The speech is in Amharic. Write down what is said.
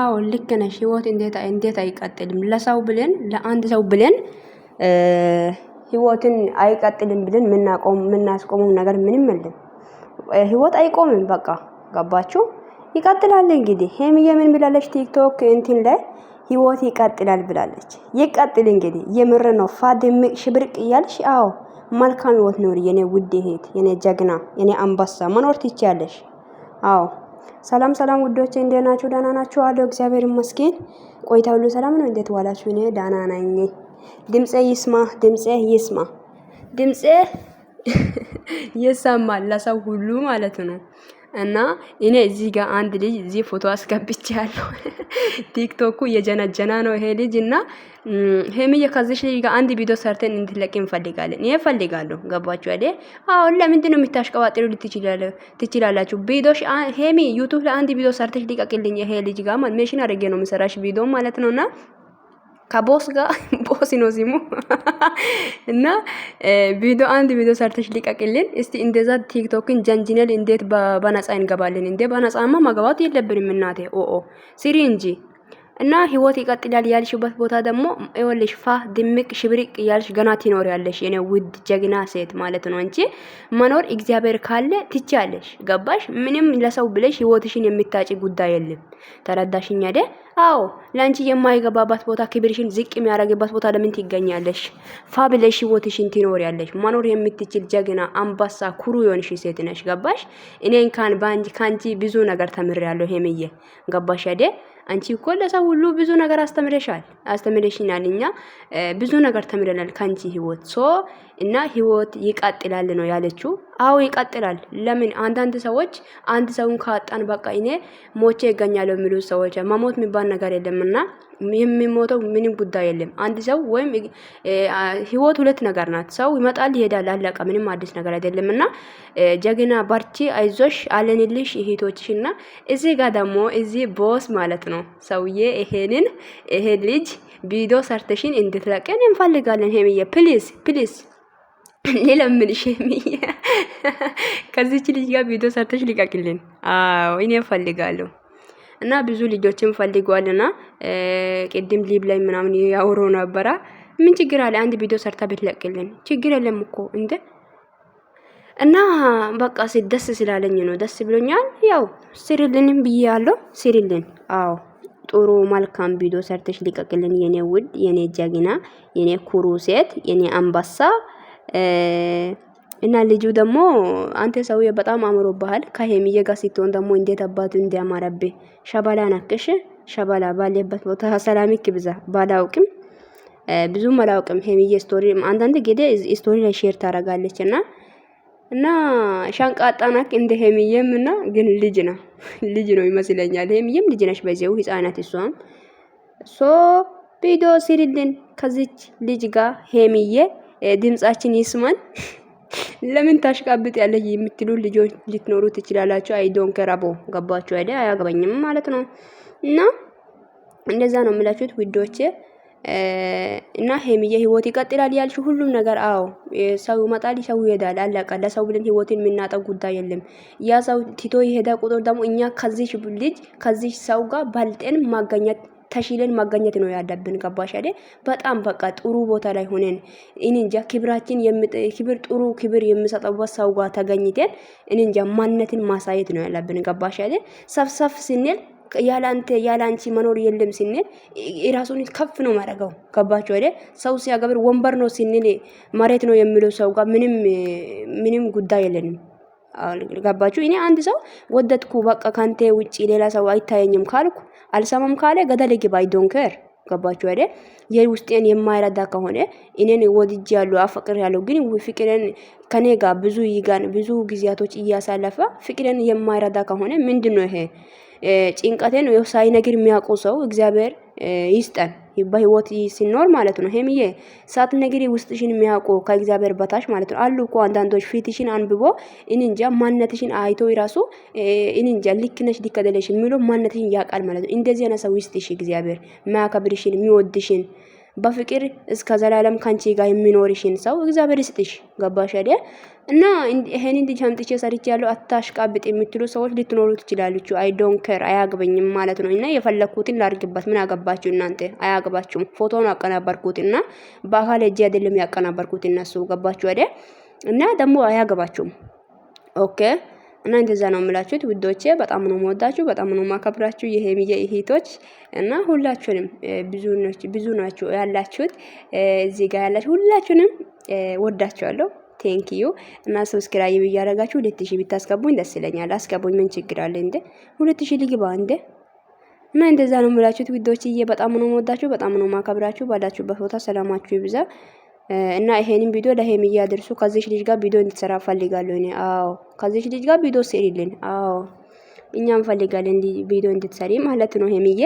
አዎ ልክ ነሽ። ህይወት እንዴት እንዴት አይቀጥልም? ለሰው ብለን ለአንድ ሰው ብለን ህይወትን አይቀጥልም ብለን ምናቆም ምናስቆመው ነገር ምንም የለም። ህይወት አይቆምም። በቃ ገባችሁ? ይቀጥላል እንግዲህ ሄምዬ ምን ብላለች? ቲክቶክ እንትን ላይ ህይወት ይቀጥላል ብላለች። ይቀጥል እንግዲህ የምር ነው። ፋድ ሽብርቅ እያልሽ አዎ፣ መልካም ህይወት ኖር የኔ ውድ እህት፣ የኔ ጀግና፣ የኔ አንበሳ። መኖር ትችያለሽ። አዎ ሰላም ሰላም ውዶቼ እንዴት ናችሁ? ደህና ናችሁ? አለው እግዚአብሔር ይመስገን። ቆይታ ሁሉ ሰላም ነው። እንዴት ዋላችሁ? እኔ ደህና ነኝ። ድምጼ ይስማ፣ ድምጼ ይስማ፣ ድምጼ ይሰማል ለሰው ሁሉ ማለት ነው። እና እኔ እዚህ ጋር አንድ ልጅ እዚህ ፎቶ አስገብቼ ያለው ቲክቶኩ የጀናጀና ነው ይሄ ልጅ እና ሄምዬ ከዚሽ ልጅ ጋር አንድ ቪዲዮ ሰርተን እንድትለቅ እንፈልጋለን። ይሄ ፈልጋለሁ። ገባችሁ አይደል? አሁን ለምንድን ነው የምታሽቀባጥሩ? ትችላላችሁ። ቪዲዮሽ ሄሚ ዩቱብ ላይ አንድ ቪዲዮ ሰርተሽ ልቀቅልኝ። ይሄ ልጅ ጋር ሜሽን አድርጌ ነው የምሰራሽ ቪዲዮ ማለት ነውና ከቦስ ጋር ቦስ ነው እና ቪዲዮ አንድ ቪዲዮ ሰርተሽ ሊቀቅልን እስቲ። እንደዛ ቲክቶክን ጀንጅነል እንዴት በነጻ እንገባልን እንዴ? በነጻማ መገባት የለብንም እናቴ። ኦኦ ሲሪ እንጂ እና ህይወት ይቀጥላል ያልሽበት ቦታ ደግሞ ይኸውልሽ፣ ፋ ድምቅ ሽብሪቅ ያልሽ ገና ትኖር ያለሽ የኔ ውድ ጀግና ሴት ማለት ነው እንጂ መኖር እግዚአብሔር ካለ ትቻለሽ። ገባሽ? ምንም ለሰው ብለሽ ህይወትሽን የምታጭ ጉዳይ የለም። ተረዳሽኝ አይደል? አዎ ለአንቺ የማይገባባት ቦታ ክብርሽን ዝቅ የሚያደርግባት ቦታ ለምን ትገኛለሽ? ፋብለሽ ህይወትሽን ትኖሪያለሽ። መኖር የምትችል ጀግና፣ አምባሳ፣ ኩሩ የሆንሽ ሴት ነሽ። ገባሽ? እኔን ካን ባንቺ ካንቺ ብዙ ነገር ተምሬያለሁ። ሄምዬ ገባሽ አይደ? አንቺ እኮ ለሰው ሁሉ ብዙ ነገር አስተምረሻል፣ አስተምረሽናል። እኛ ብዙ ነገር ተምረናል ካንቺ ህይወት ሶ እና ህይወት ይቀጥላል ነው ያለችው። አዎ ይቀጥላል። ለምን አንዳንድ ሰዎች አንድ ሰውን ካጣን በቃ እኔ ሞቼ ይገኛለሁ የሚሉ ሰዎች መሞት የሚባል ነገር የለምና የሚሞተው ምንም ጉዳይ የለም። አንድ ሰው ወይም ህይወት ሁለት ነገር ናት። ሰው ይመጣል ይሄዳል፣ አለቀ። ምንም አዲስ ነገር አይደለም እና ጀግና፣ በርቺ፣ አይዞሽ አለንልሽ እህቶችሽ እና እዚህ ጋር ደግሞ እዚህ ቦስ ማለት ነው ሰውዬ ይሄንን ይሄን ልጅ ቪዲዮ ሰርተሽን እንድትለቀን እንፈልጋለን። ሄምዬ ፕሊዝ ፕሊዝ ልለምንሽ የሚዬ ከዚች ልጅ ጋር ቪዲዮ ሰርተሽ ሊቀቅልን። አዎ እኔ ፈልጋለሁ እና ብዙ ልጆችን ፈልጓልና ቅድም ሊብ ላይ ምናምን ያውሮ ነበረ ምን ችግር አለ? አንድ ቪዲዮ ሰርታ ብትለቅልን ችግር የለም እኮ እንደ እና በቃ ደስ ስላለኝ ነው። ደስ ብሎኛል። ያው ስሪልንም ብያለሁ። ስሪልን። አዎ ጥሩ መልካም ቪዲዮ ሰርተሽ ሊቀቅልን፣ የኔ ውድ፣ የኔ ጀግና፣ የኔ ኩሩ ሴት፣ የኔ አንበሳ እና ልጁ ደግሞ አንተ ሰውዬ በጣም አምሮብሃል። ከሄሚዬ ጋር ስትሆን ደግሞ እንዴት አባቱ እንዲያማረብህ ሸበላ ናክሽ። ሸበላ ባለበት ቦታ ሰላሚክ ብዛ። ባላውቅም ብዙም አላውቅም። ሄሚዬ ስቶሪ አንዳንድ ጊዜ ስቶሪ ላይ ሼር ታረጋለች እና እና ሻንቃጣ ናክ እንደ ሄሚዬም እና ግን ልጅ ነው ልጅ ነው ይመስለኛል። ሄሚዬም ልጅ ነሽ፣ በዚሁ ህፃናት እሷም ሶ ቪዲዮ ሲሪልን ከዚች ልጅ ጋር ሄሚዬ ድምጻችን ይስማን። ለምን ታሽቃብጥ ያለች የምትሉ ልጆች ልትኖሩ ትችላላችሁ። አይ ዶንት ኬር አቦ ገባችሁ አይደ? አያገባኝም ማለት ነው። እና እንደዛ ነው የምላችሁት ውዶቼ እና ሄሚዬ ህይወት ይቀጥላል ያልሽ ሁሉም ነገር አዎ፣ ሰው ይመጣል፣ ሰው ይሄዳል፣ አለቀ። ለሰው ብለን ህይወትን የምናጠው ጉዳይ የለም። ያ ሰው ቲቶ የሄደ ቁጥር ደግሞ እኛ ከዚህ ልጅ ከዚህ ሰው ጋር ባልጤን ማገኘት ተሽለን ማገኘት ነው ያለብን። ገባሽ አይደል? በጣም በቃ ጥሩ ቦታ ላይ ሆነን እንንጃ ክብራችን ክብር ጥሩ ክብር የሚሰጠው ሰው ጋር ተገኝተን እንንጃ ማንነትን ማሳየት ነው ያለብን። ገባሽ አይደል? ሰፍሰፍ ስንል ያላንተ ያላንቺ መኖር የለም ስንል ራሱን ከፍ ነው ማረገው። ገባችሁ አይደል? ሰው ሲያገብር ወንበር ነው ስንል መሬት ነው የሚለው ሰው ጋር ምንም ምንም ጉዳይ የለንም። ገባችሁ? እኔ አንድ ሰው ወደድኩ በቃ ካንተ ውጪ ሌላ ሰው አይታየኝም ካልኩ አልሰማም ካለ ገደል ግባ። ዶንከር ገባችሁ አይደል? የውስጤን የማይረዳ ከሆነ እኔን ወድጅ ያለው አፈቅር ያለው ግን ፍቅርን ከኔ ጋር ብዙ ይጋን ብዙ ጊዜያቶች እያሳለፈ ፍቅርን የማይረዳ ከሆነ ምንድን ነው ይሄ? ጭንቀቴን ሳይነግር የሚያውቁ ሰው እግዚአብሔር ይስጠን። በህይወት ሲኖር ማለት ነው። ሄምዬ ሳትነግሪ ውስጥሽን የሚያውቁ ከእግዚአብሔር በታች ማለት ነው አሉ እኮ አንዳንዶች ፊትሽን አንብቦ እንንጃ ማንነትሽን አይቶ ይራሱ እንንጃ ልክ ነሽ ልክ አይደለሽ የሚሉ ያውቃል ማለት ነው። እንደዚህ አይነት ሰው ውስጥሽ እግዚአብሔር ማያከብርሽን የሚወድሽን በፍቅር እስከ ዘላለም ካንቺ ጋር የሚኖርሽን ሰው እግዚአብሔር ይስጥሽ። ገባሽ አይደል? እና ይሄን ልጅ አምጥቼ ሰርቼ ያለው አታሽቃብጥ የምትሉ ሰዎች ልትኖሩ ትችላላችሁ። አይ ዶንት ኬር አያግበኝም ማለት ነው። እና የፈለኩትን ላርግበት ምን አገባችሁ እናንተ? አያገባችሁም። ፎቶውን አቀናበርኩት እና በአካል እጅ አይደለም ያቀናበርኩት እነሱ ገባችሁ አይደል? እና ደግሞ አያገባችሁም። ኦኬ እና እንደዛ ነው የምላችሁት ውዶቼ። በጣም ነው መወዳችሁ፣ በጣም ነው ማከብራችሁ የሄሚዬ እህቶች እና ሁላችሁንም ብዙ ናችሁ ያላችሁት እዚህ ጋር ያላችሁ ሁላችሁንም ወዳችኋለሁ። ቴንክ ዩ እና ሰብስክራይብ እያደረጋችሁ ሁለት ሺህ ብታስገቡኝ ደስ ይለኛል። አስገቡኝ፣ ምን ችግር አለ እንዴ? ሁለት ሺህ ልግባ እንዴ? እና እንደዛ ነው የምላችሁት ውዶችዬ። በጣም ነው መወዳችሁ፣ በጣም ነው ማከብራችሁ። ባላችሁበት ቦታ ሰላማችሁ ይብዛ። እና ይሄንን ቪዲዮ ለሄም እያደርሱ ከዚች ልጅ ጋር ቪዲዮ እንድትሰራ ፈልጋለሁ እኔ። አዎ ከዚች ልጅ ጋር ቪዲዮ ስሪልን። አዎ እኛም ፈልጋለን ቪዲዮ እንድትሰሪ ማለት ነው ሄምዬ።